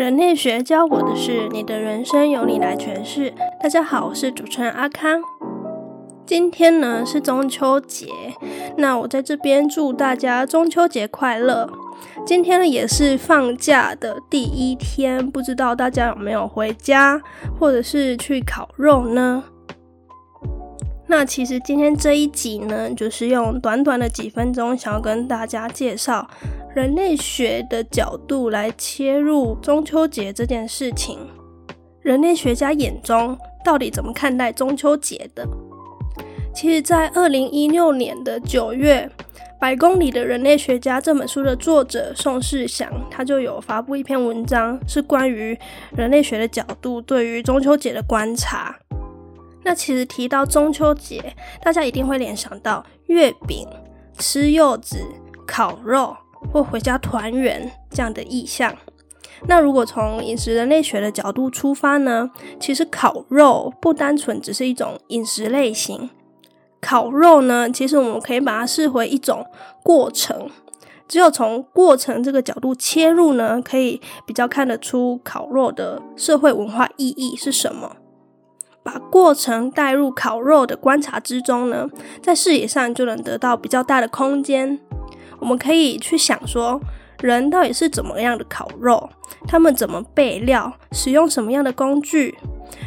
人類學教我的事，你的人生由你來詮釋。大家好，我是主持人阿康。今天呢，是中秋節，那我在這邊祝大家中秋節快樂。今天呢，也是放假的第一天，不知道大家有沒有回家，或者是去烤肉呢？那其實今天這一集呢，就是用短短的幾分鐘，想要跟大家介紹人類學的角度來切入中秋節這件事情。人類學家眼中到底怎麼看待中秋節的？其實，在二零一六年的九月，《百公里的人類學家》這本書的作者宋世祥，他就有發布一篇文章，是關於人類學的角度對於中秋節的觀察。那其實提到中秋節，大家一定會聯想到月餅、吃柚子、烤肉或回家團圓這樣的意象。那如果從飲食人類學的角度出發呢，其實烤肉不單純只是一種飲食類型，烤肉呢，其實我們可以把它視為一種過程。只有從過程這個角度切入呢，可以比較看得出烤肉的社會文化意義是什麼。把過程帶入烤肉的觀察之中呢，在視野上就能得到比較大的空間。我們可以去想說，人到底是怎麼樣的烤肉，他們怎麼備料，使用什麼樣的工具，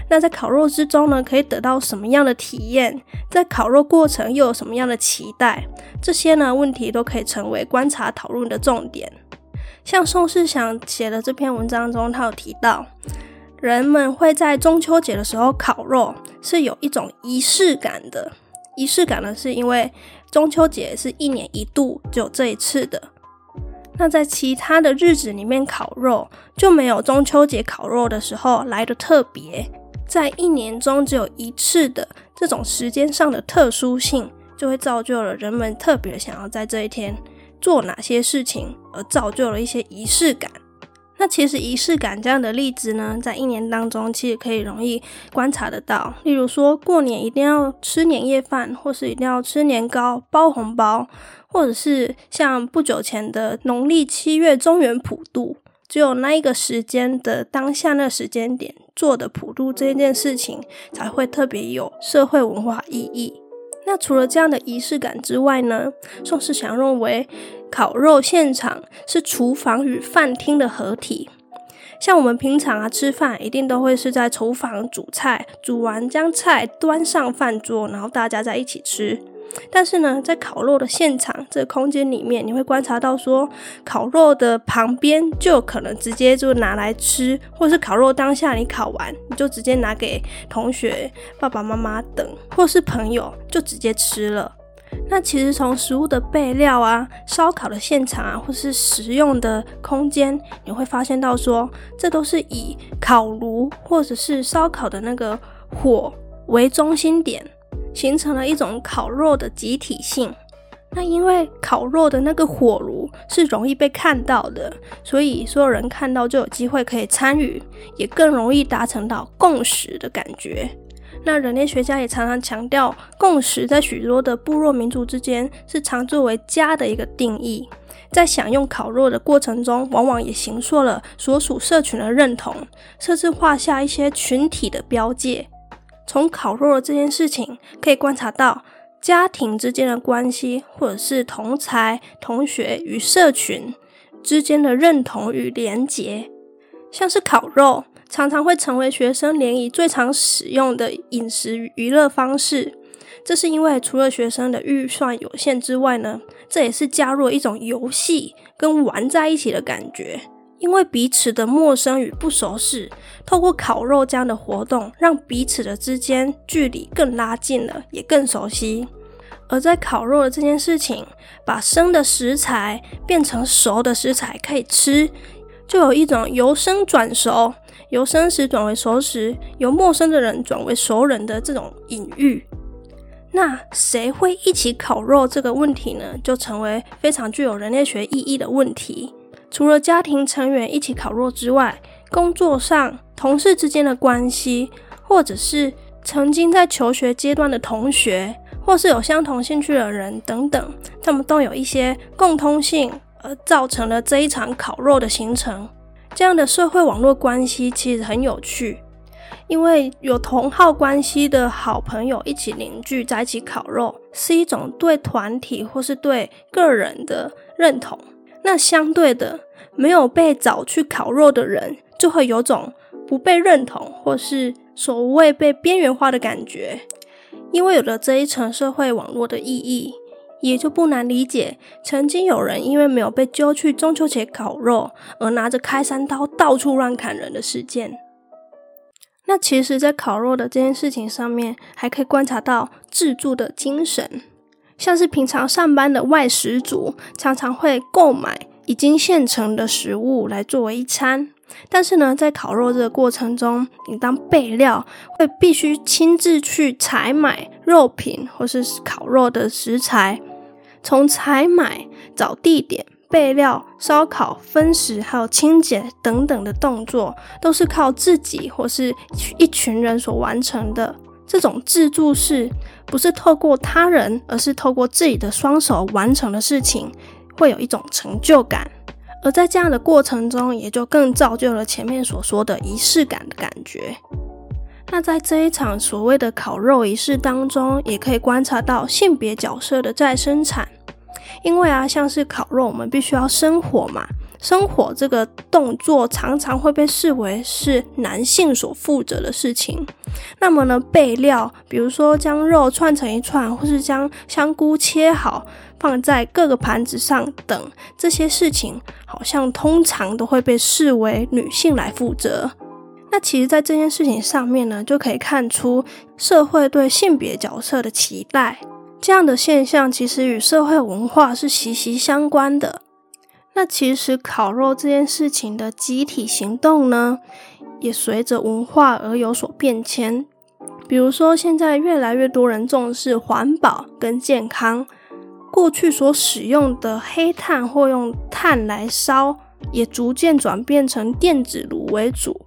那在烤肉之中呢，可以得到什麼樣的體驗，在烤肉過程又有什麼樣的期待？這些呢問題都可以成為觀察討論的重點。像宋世祥寫的這篇文章中，他有提到。人們會在中秋節的時候烤肉，是有一種儀式感的。儀式感呢，是因為中秋節是一年一度只有這一次的。那在其他的日子裡面烤肉，就沒有中秋節烤肉的時候來的特別。在一年中只有一次的這種時間上的特殊性，就會造就了人們特別想要在這一天做哪些事情，而造就了一些儀式感。那其實儀式感這樣的例子呢，在一年當中其實可以容易觀察得到。例如說，過年一定要吃年夜飯，或是一定要吃年糕、包紅包，或者是像不久前的農曆七月中元普渡，只有那一個時間的當下那時間點做的普渡這件事情，才會特別有社會文化意義。那除了這樣的儀式感之外呢，宋世祥認為，烤肉現場是廚房與飯廳的合體。像我們平常啊吃飯，一定都會是在廚房煮菜，煮完將菜端上飯桌，然後大家在一起吃。但是呢，在烤肉的現場這個空間裡面，你會觀察到說，烤肉的旁邊就有可能直接就拿來吃，或是烤肉當下你烤完，你就直接拿給同學、爸爸媽媽等，或是朋友就直接吃了。那其實從食物的備料啊、燒烤的現場啊，或是食用的空間，你會發現到說，這都是以烤爐或者是燒烤的那個火為中心點。形成了一種烤肉的集體性。那因為烤肉的那個火爐是容易被看到的，所以所有人看到就有機會可以參與，也更容易達成到共識的感覺。那人類學家也常常強調，共識在許多的部落民族之間是常作為家的一個定義。在享用烤肉的過程中，往往也形塑了所屬社群的認同，甚至畫下一些群體的標界。從烤肉的這件事情可以觀察到家庭之間的關係，或者是同儕同學與社群之間的認同與連結。像是烤肉常常會成為學生聯誼最常使用的飲食與娛樂方式，這是因為除了學生的預算有限之外呢，這也是加入了一種遊戲跟玩在一起的感覺。因為彼此的陌生與不熟識，透過烤肉這樣的活動，讓彼此的之間距離更拉近了，也更熟悉。而在烤肉的這件事情，把生的食材變成熟的食材可以吃，就有一種由生轉熟，由生食轉為熟食，由陌生的人轉為熟人的這種隱喻。那誰會一起烤肉這個問題呢，就成為非常具有人類學意義的問題。除了家庭成員一起烤肉之外，工作上同事之間的關係，或者是曾經在求學階段的同學，或是有相同興趣的人等等，他們都有一些共通性，而造成了這一場烤肉的形成。這樣的社會網絡關係其實很有趣，因為有同好關係的好朋友一起凝聚在一起烤肉，是一種對團體或是對個人的認同。那相對的，沒有被找去烤肉的人，就會有種不被認同或是所謂被邊緣化的感覺。因為有了這一層社會網絡的意義，也就不難理解曾經有人因為沒有被揪去中秋節烤肉，而拿着開山刀到處亂砍人的事件。那其實，在烤肉的這件事情上面，還可以觀察到自助的精神。像是平常上班的外食族，常常會購買已經現成的食物來作為一餐。但是呢，在烤肉這個過程中，你當備料，會必須親自去採買肉品或是烤肉的食材。從採買、找地點、備料、燒烤、分食，還有清潔等等的動作，都是靠自己或是一群人所完成的。這種自助式不是透過他人，而是透過自己的雙手完成的事情，會有一種成就感。而在這樣的過程中，也就更造就了前面所說的儀式感的感覺。那在這一場所謂的烤肉儀式當中，也可以觀察到性別角色的再生產，因為啊，像是烤肉，我們必須要生火嘛。生火這個動作常常會被視為是男性所負責的事情。那麼呢，備料，比如說將肉串成一串，或是將香菇切好，放在各個盤子上等，這些事情好像通常都會被視為女性來負責。那其實在這件事情上面呢，就可以看出社會對性別角色的期待。這樣的現象其實與社會文化是息息相關的。那其實烤肉這件事情的集體行動呢，也隨着文化而有所變遷。比如說，現在越來越多人重視環保跟健康，過去所使用的黑炭或用炭來燒，也逐漸轉變成電子爐為主。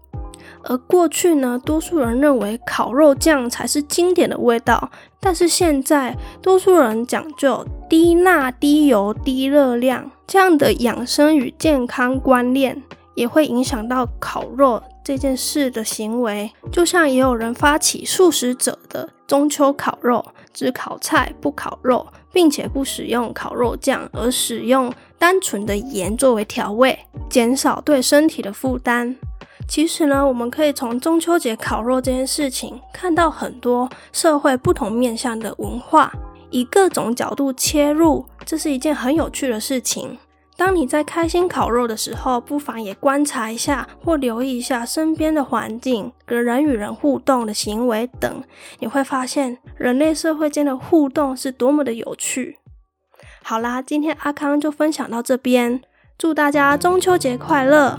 而過去呢，多數人認為烤肉醬才是經典的味道。但是現在，多數人講究低鈉、低油、低熱量這樣的養生與健康觀念，也會影響到烤肉這件事的行為。就像也有人發起素食者的中秋烤肉，只烤菜不烤肉，並且不使用烤肉醬，而使用單純的鹽作為調味，減少對身體的負擔。其實呢，我們可以從中秋節烤肉這件事情看到很多社會不同面向的文化，以各種角度切入，這是一件很有趣的事情。當你在開心烤肉的時候，不妨也觀察一下或留意一下身邊的環境、人與人互動的行為等，你會發現人類社會間的互動是多麼的有趣。好啦，今天阿康就分享到這邊，祝大家中秋節快樂！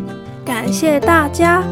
感謝大家。